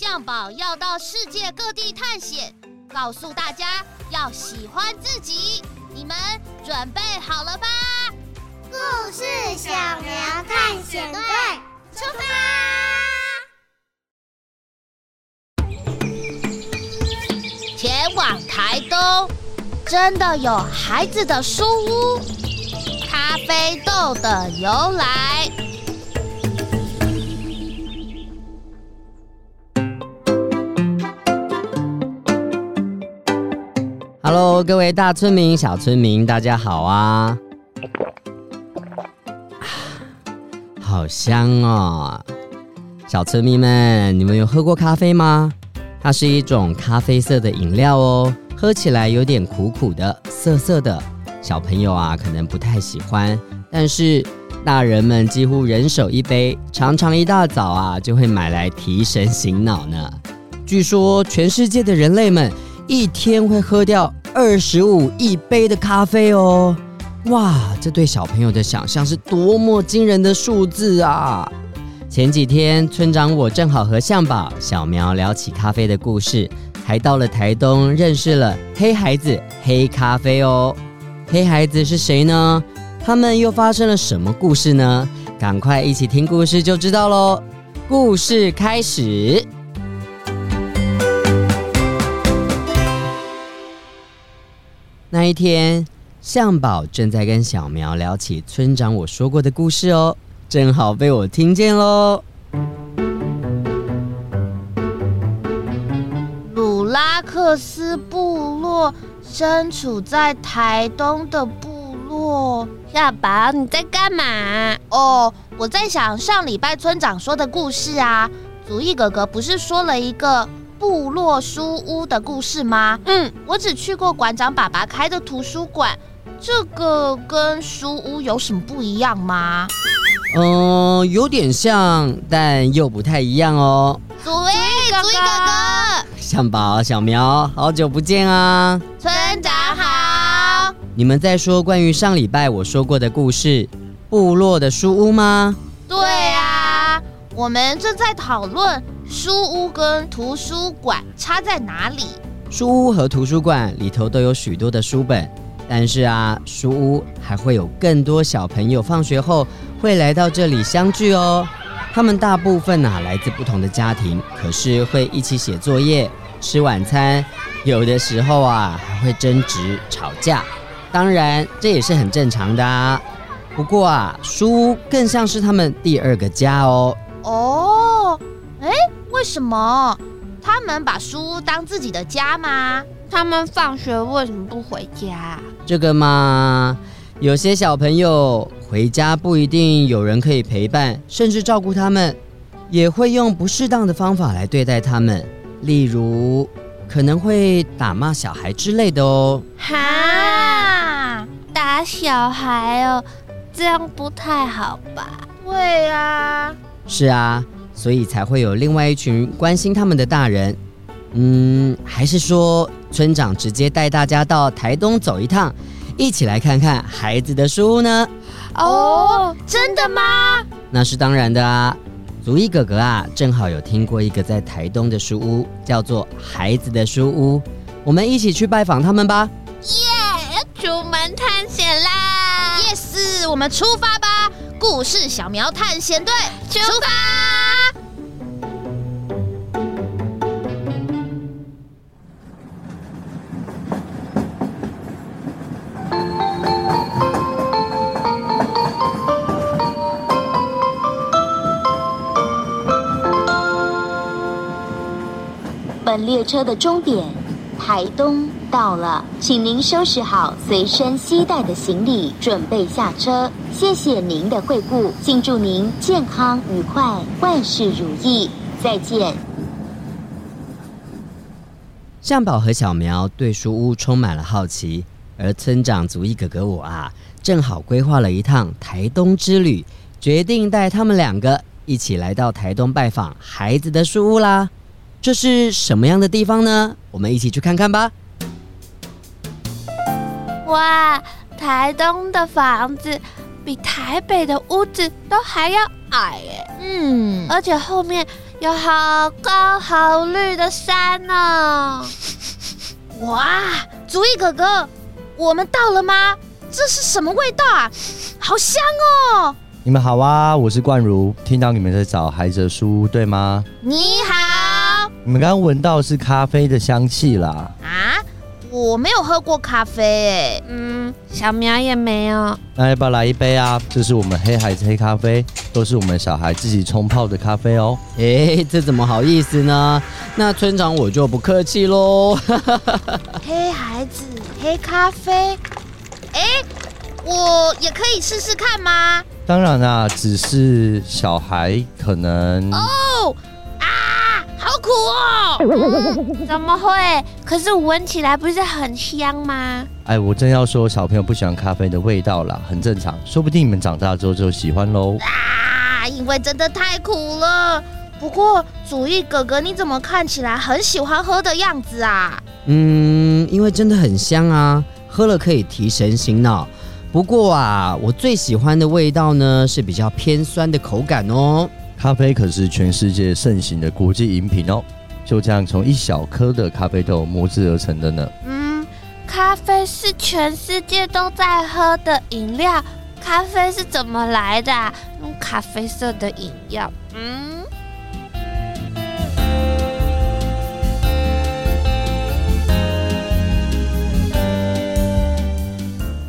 象寶要到世界各地探險，告訴大家要喜歡自己。你們準備好了嗎？故事小苗探險隊出發，前往台東，真的有孩子的書屋，咖啡豆的由來。Hello，各位大村民、小村民，大家好啊。啊，好香哦，小村民們，你們有喝過咖啡嗎？它是一種咖啡色的飲料哦，喝起來有點苦苦的、澀澀的。小朋友啊，可能不太喜歡，但是大人們幾乎人手一杯，常常一大早啊就會買來提神醒腦呢。據說全世界的人類們，一天會喝掉二十五億杯的咖啡哦，哇，這對小朋友的想象是多麼驚人的數字啊！前幾天，村長我正好和象寶、小苗聊起咖啡的故事，還到了台東認識了黑孩子黑咖啡哦。黑孩子是誰呢？他們又發生了什麼故事呢？趕快一起聽故事就知道嘍！故事開始。那一天，象寶正在跟小苗聊起村長我說過的故事哦，正好被我聽見嘍。魯拉克斯部落身處在台東的部落，象寶你在干嘛？哦，我在想上禮拜村長說的故事啊，祖逸哥哥不是說了一個。部落書屋的故事嗎？嗯，我只去過館長爸爸開的圖書館，這個跟書屋有什麼不一樣嗎？嗯，有點像，但又不太一樣哦。祖逸，祖逸哥哥，象寶、小苗，好久不見啊！村長好。你們在說關於上禮拜我說過的故事，部落的書屋嗎？對呀，我們正在討論。書屋跟圖書館差在哪裡？書屋和圖書館裡頭都有許多的書本，但是啊，書屋還會有更多小朋友放學後會來到這裡相聚哦。他們大部分啊，來自不同的家庭，可是會一起寫作業、吃晚餐，有的時候啊還會爭執、吵架，當然這也是很正常的啊。不過啊，書屋更像是他們第二個家哦。哦。為什麼他們把書屋當自己的家嗎？他們放學為什麼不回家？這個嘛，有些小朋友回家不一定有人可以陪伴，甚至照顧他們，也會用不適當的方法來對待他們，例如可能會打罵小孩之類的哦。哈，打小孩哦，這樣不太好吧？對啊，是啊。所以才會有另外一群關心他們的大人，嗯，還是說村長直接帶大家到台東走一趟，一起來看看孩子的書屋呢？哦，哦，真的嗎？那是當然的啊！祖逸哥哥啊，正好有聽過一個在台東的書屋，叫做孩子的書屋，我們一起去拜訪他們吧！耶，出門探險啦！Yes，我們出發吧！故事小苗探險隊出發！本列車的終點台東到了，請您收拾好隨身攜帶的行李，準備下車。謝謝您的惠顧，敬祝您健康愉快，萬事如意，再見。象寶和小苗對書屋充滿了好奇，而村長祖逸哥哥我啊，正好規劃了一趟台東之旅，決定帶他們兩個一起來到台東拜訪孩子的書屋啦。這是什麼樣的地方呢？我們一起去看看吧。哇，台東的房子比台北的屋子都還要矮耶。嗯，而且後面有好高好綠的山呢、哦。哇，祖逸哥哥，我們到了嗎？這是什麼味道啊？好香哦！你們好啊，我是冠儒，聽到你們在找孩子的書，對嗎？你好。你們剛剛聞到是咖啡的香氣啦！啊，我沒有喝過咖啡、欸，哎，嗯，小苗也沒有。那要不要來一杯啊？這是我們黑孩子黑咖啡，都是我們小孩自己沖泡的咖啡哦、喔。哎、欸，這怎麼好意思呢？那村長我就不客氣嘍。 黑孩子黑咖啡，哎、欸，我也可以試試看嗎？當然啦、啊，只是小孩可能哦。Oh! 好苦哦、嗯！怎麼會？可是聞起來不是很香嗎？哎，我正要說，小朋友不喜歡咖啡的味道啦，很正常。說不定你們長大之後就喜歡嘍。啊，因為真的太苦了。不過，主意哥哥，你怎麼看起來很喜歡喝的樣子啊？嗯，因為真的很香啊，喝了可以提神醒腦。不過啊，我最喜歡的味道呢，是比較偏酸的口感哦。咖啡可是全世界盛行的國際飲品哦，就這樣從一小顆的咖啡豆磨製而成的呢、嗯。咖啡是全世界都在喝的飲料。咖啡是怎麼來的、啊？用咖啡色的飲料、嗯。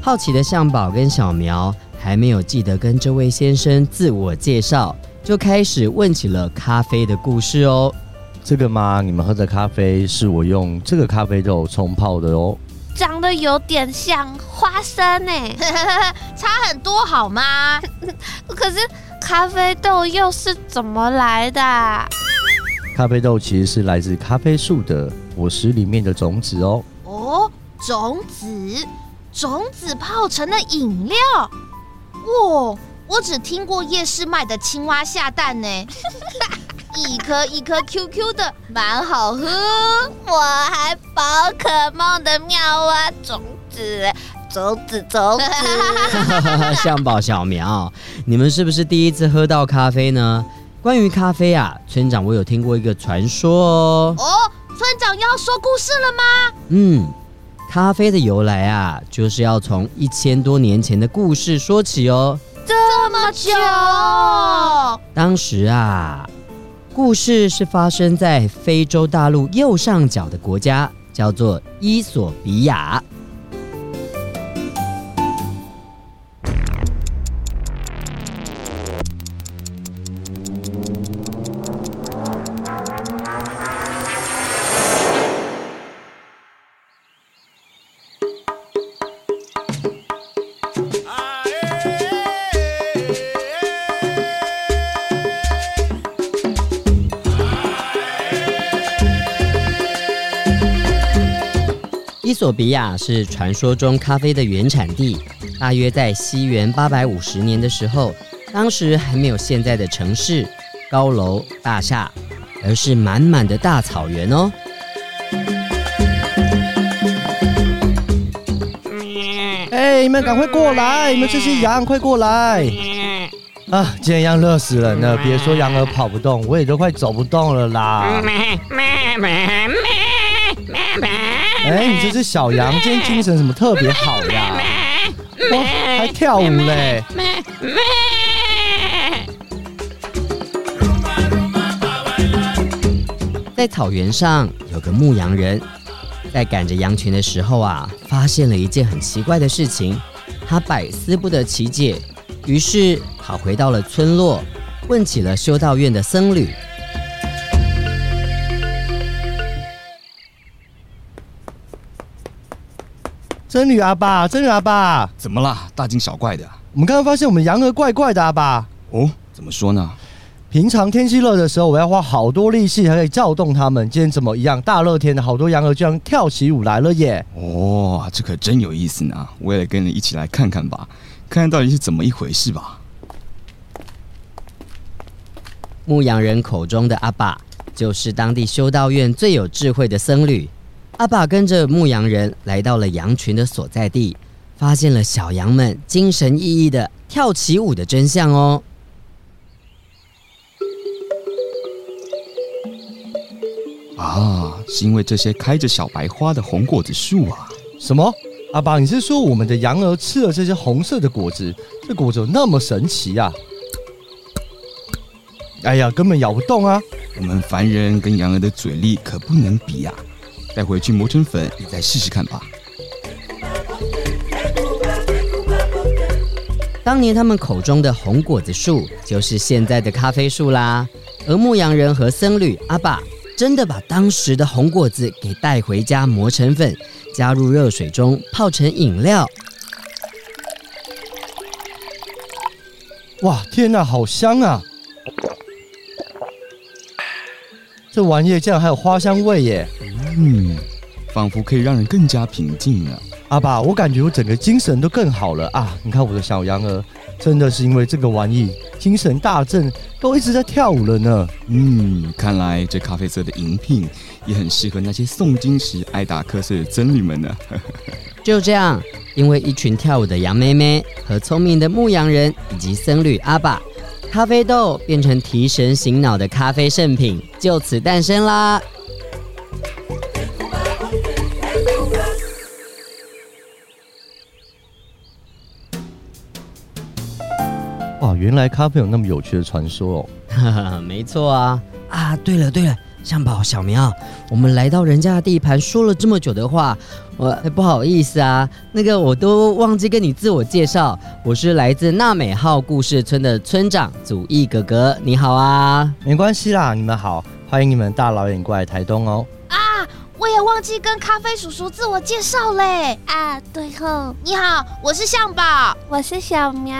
好奇的象寶跟小苗還沒有記得跟這位先生自我介紹，就開始問起了咖啡的故事哦，這個嘛，你們喝的咖啡是我用這個咖啡豆沖泡的哦，長得有點像花生呢， 差很多好嗎？ 可是咖啡豆又是怎麼來的啊？咖啡豆其實是來自咖啡樹的果實裡面的種子哦。哦，種子，種子泡成了飲料，哇。我只聽過夜市賣的青蛙下蛋呢，一顆一顆 QQ 的，蠻好喝。我還寶可夢的妙蛙種子，種子種子。象 寶 小苗，你們是不是第一次喝到咖啡呢？關於咖啡啊，村長我有聽過一個傳說哦。哦，村長要說故事了嗎？嗯，咖啡的由來啊，就是要從一千多年前的故事說起哦。多久，哦？當時啊，故事是發生在非洲大陸右上角的國家，叫做伊索比亞。伊索比亞是傳說中咖啡的原產地，大約在西元八百五十年的時候，當時還沒有現在的城市、高樓、大廈，而是滿滿的大草原哦。哎、欸，你們趕快過來，你們這些羊快過來！啊，今天要熱死人了，別說羊兒跑不動，我也都快走不動了啦。哎，你這隻小羊今天精神怎麼特別好呀？哦，還跳舞嘞！在草原上有個牧羊人，在趕着羊群的時候啊，發現了一件很奇怪的事情，他百思不得其解，於是跑回到了村落，問起了修道院的僧侶。僧侶阿爸，僧侶阿爸，怎麼了？大驚小怪的。我們剛剛發現，我們羊兒怪怪的阿爸。哦，怎麼說呢？平常天氣熱的時候，我要花好多力氣才可以照動他們。今天怎麼一樣？大熱天的，好多羊兒居然跳起舞來了耶！哦，這可真有意思呢。我也跟你一起來看看吧，看看到底是怎麼一回事吧。牧羊人口中的阿爸，就是當地修道院最有智慧的僧侶。阿爸跟着牧羊人來到了羊群的所在地，發現了小羊們精神奕奕的跳起舞的真相哦！啊，是因為這些開着小白花的紅果子樹啊？什麼？阿爸，你是說我們的羊兒吃了這些紅色的果子？這果子有那麼神奇啊？哎呀，根本咬不動啊！我們凡人跟羊兒的嘴力可不能比呀！帶回去磨成粉，你再試試看吧。當年他們口中的紅果子樹，就是現在的咖啡樹啦。而牧羊人和僧侶阿爸，真的把當時的紅果子給帶回家磨成粉，加入熱水中泡成飲料。哇，天哪，啊，好香啊！這玩意兒竟然還有花香味耶！嗯，仿佛可以讓人更加平靜了啊。阿爸，我感覺我整個精神都更好了啊！你看我的小羊兒，真的是因為這個玩意，精神大振，都一直在跳舞了呢。嗯，看來這咖啡色的飲品也很適合那些誦經時愛打瞌睡的僧侶們呢啊。 就這樣，因為一群跳舞的羊妹妹和聰明的牧羊人以及僧侶阿爸，咖啡豆變成提神醒腦的咖啡聖品，就此誕生啦。哇，原來咖啡有那麼有趣的傳說哦！ 沒錯啊啊！對了對了，象寶小苗，我們來到人家的地盤，說了這麼久的話，我不好意思啊。那個，我都忘記跟你自我介紹，我是來自娜美號故事村的村長祖逸哥哥，你好啊。沒關係啦，你們好，歡迎你們大老遠過來台東哦。忘記跟咖啡叔叔自我介紹了，啊對哼、哦，你好，我是象寶，我是小苗，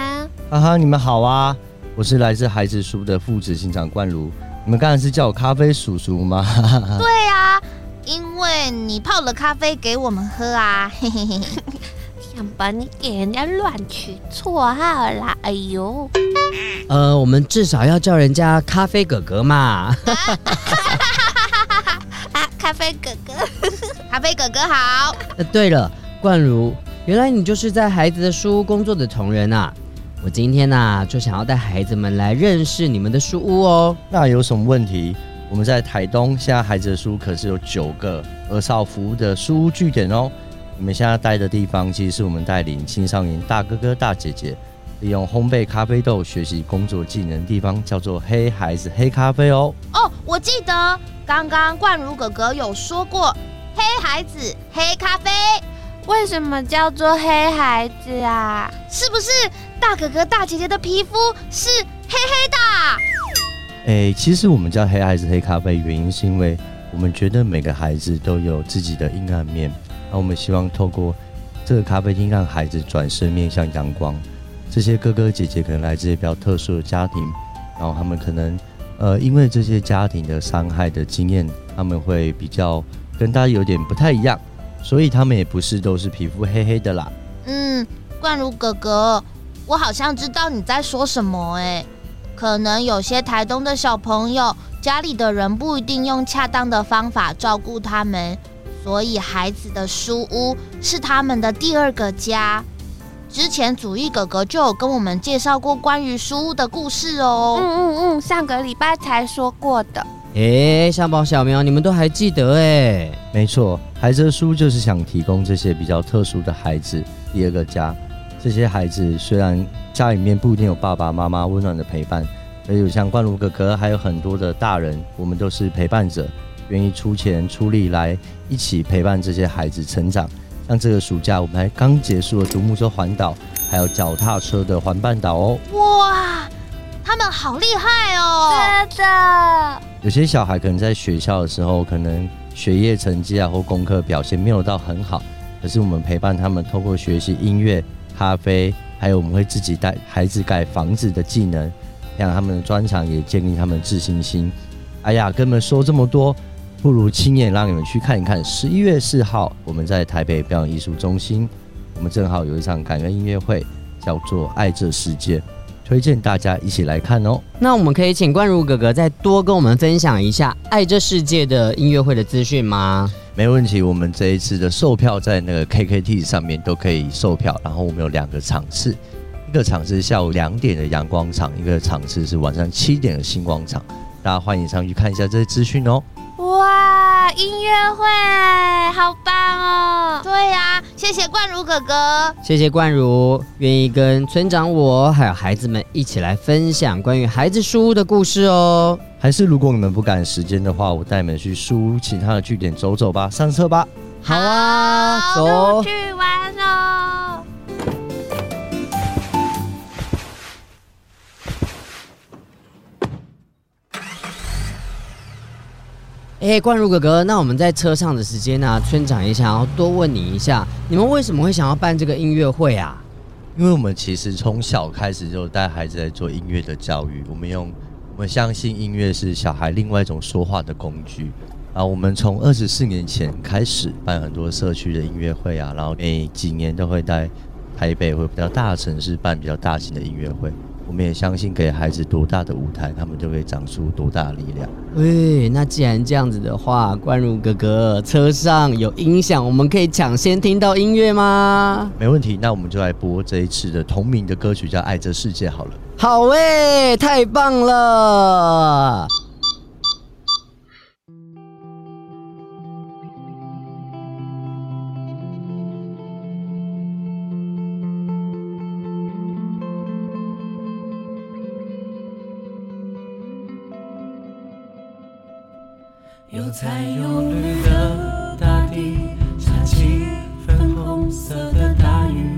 哈哈，你們好啊，我是來自孩子書屋的副執行長冠儒，你們剛才是叫我咖啡叔叔嗎？ 對啊，因為你泡了咖啡給我們喝啊，嘿 嘿象寶你給人家亂取綽號啦，哎呦， 呃，我們至少要叫人家咖啡哥哥嘛。 啊 Nick 哥哥好。呃，對了，冠儒，原來你就是在孩子的書屋工作的同仁啊。我今天呢，啊，就想要帶孩子們來認識你們的書屋哦。那有什麼問題？我們在台東現在孩子的書可是有九個兒少服務的書屋據點哦。你們現在待的地方，其實是我們帶領青少年大哥哥大姐姐，利用烘焙咖啡豆學習工作技能的地方，叫做黑孩子黑咖啡哦。哦，我記得剛剛冠儒哥哥有說過。黑孩子，黑咖啡，為什麼叫做黑孩子啊？是不是大哥哥、大姐姐的皮膚是黑黑的？誒、欸，其實我們叫黑孩子、黑咖啡，原因是因為我們覺得每個孩子都有自己的陰暗面，那我們希望透過這個咖啡廳，讓孩子轉身面向陽光。這些哥哥姐姐可能來自一些比較特殊的家庭，然後他們可能呃，因為這些家庭的傷害的經驗，他們會比較。跟他有點不太一樣，所以他們也不是都是皮膚黑黑的啦。嗯，冠儒哥哥，我好像知道你在說什麼哎、欸，可能有些台東的小朋友家裡的人不一定用恰當的方法照顧他們，所以孩子的書屋是他們的第二個家。之前祖逸哥哥就有跟我們介紹過關於書屋的故事哦、喔。嗯嗯嗯，上個禮拜才說過的。誒，象寶、小苗，你們都還記得？誒，沒錯，孩子的書屋就是想提供這些比較特殊的孩子第二個家。這些孩子雖然家裡面不一定有爸爸媽媽溫暖的陪伴，而有像冠儒哥哥還有很多的大人，我們都是陪伴者，願意出錢出力來一起陪伴這些孩子成長。像這個暑假，我們還剛結束了獨木舟環島，還有腳踏車的環半島哦。哇，他們好厲害哦！真的。有些小孩可能在學校的時候，可能學業成績啊，或功課表現沒有到很好，可是我們陪伴他們，透過學習音樂、咖啡，還有我們會自己帶孩子蓋房子的技能，讓他們的專長也建立他們自信心。哎呀，跟你們說這麼多，不如親眼讓你們去看一看。十一月四號，我們在台北表演藝術中心，我們正好有一場感恩音樂會，叫做《愛這世界》。推薦大家一起來看哦。那我們可以請冠儒哥哥再多跟我們分享一下《愛這世界》的音樂會的資訊嗎？沒問題，我們這一次的售票在那個 KKT 上面都可以售票，然後我們有兩個場次，一個場次是下午兩點的陽光場，一個場次是晚上七點的星光場，大家歡迎上去看一下這些資訊哦。哇！音樂會好棒哦！對呀、啊，謝謝冠儒哥哥，謝謝冠儒，願意跟村長我還有孩子們一起來分享關於孩子書屋的故事哦。還是如果你們不趕時間的話，我帶你們去書屋其他的據點走走吧，上車吧。好啊，好走，去玩哦。哎，冠儒哥哥，那我們在車上的時間呢、啊，村長一下，要多問你一下，你們為什麼會想要辦這個音樂會啊？因為我們其實從小開始就帶孩子來做音樂的教育，我們用，我們相信音樂是小孩另外一種說話的工具。啊。我們從二十四年前開始辦很多社區的音樂會啊，然後每幾年都會在台北或比較大的城市辦比較大型的音樂會。我們也相信，給孩子多大的舞台，他們就會長出多大的力量。喂、欸，那既然這樣子的話，冠儒哥哥，車上有音響，我們可以搶先聽到音樂嗎？沒問題，那我們就來播這一次的同名的歌曲，叫《愛這世界》好了。好誒、欸，太棒了！有彩有綠的大地，下起粉紅色的大雨。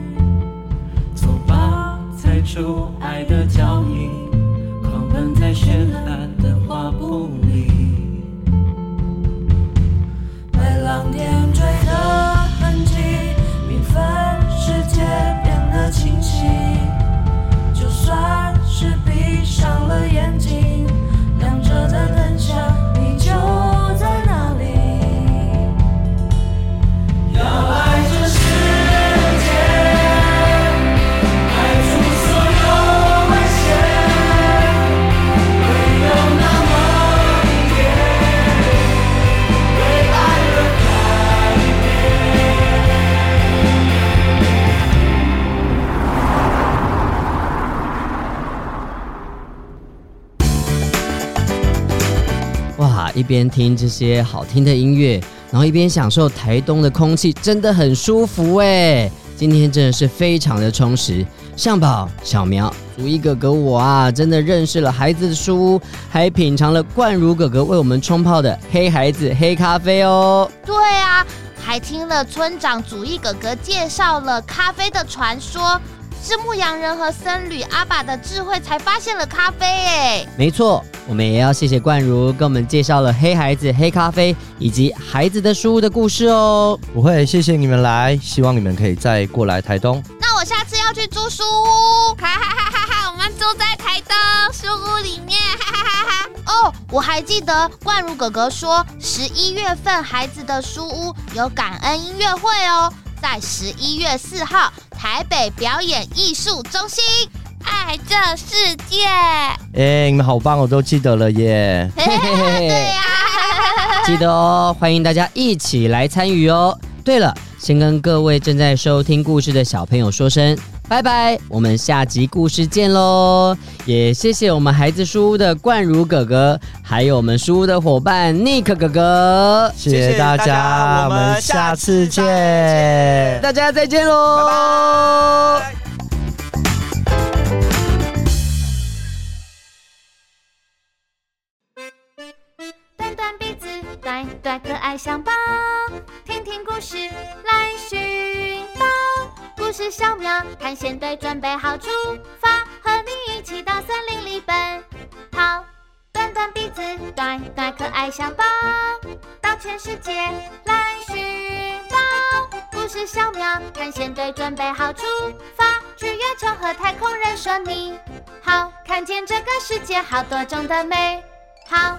走吧，財主。一邊聽這些好聽的音樂，然後一邊享受台東的空氣，真的很舒服哎！今天真的是非常的充實。象寶、小苗、祖逸哥哥，我啊，真的認識了孩子的書屋，還品嘗了冠儒哥哥為我們沖泡的黑孩子黑咖啡哦。對啊，還聽了村長祖逸哥哥介紹了咖啡的傳說。是牧羊人和僧侶阿爸的智慧才發現了咖啡、欸，誒，沒錯，我們也要謝謝冠儒給我們介紹了黑孩子、黑咖啡以及孩子的書屋的故事哦。我會，謝謝你們來，希望你們可以再過來台東。那我下次要去租書屋，哈哈哈哈哈哈。我們住在台東書屋裡面，哈哈哈哈。哦，我還記得冠儒哥哥說，十一月份孩子的書屋有感恩音樂會哦。在十一月四號台北表演藝術中心，愛這世界。哎、欸，你們好棒，我都記得了耶。嘿嘿嘿嘿嘿，對啊、 記得哦，歡迎大家一起來參與哦。對了，先跟各位正在收聽故事的小朋友說聲。拜拜，我們下集故事見嘍！也謝謝我們孩子書屋的冠儒哥哥，還有我們書屋的夥伴尼克哥哥，謝謝大家，我們下次見。謝謝大家，我們下次再見，大家再見嘍。短短鼻子，短短可愛象寶，聽聽故事。故事小苗探險隊準備好出發，和你一起到森林裡奔跑。短短鼻子，短短，短可愛象寶，到全世界來尋寶。故事小苗探險隊準備好出發，去月球和太空人說你好，看見這個世界好多種的美好。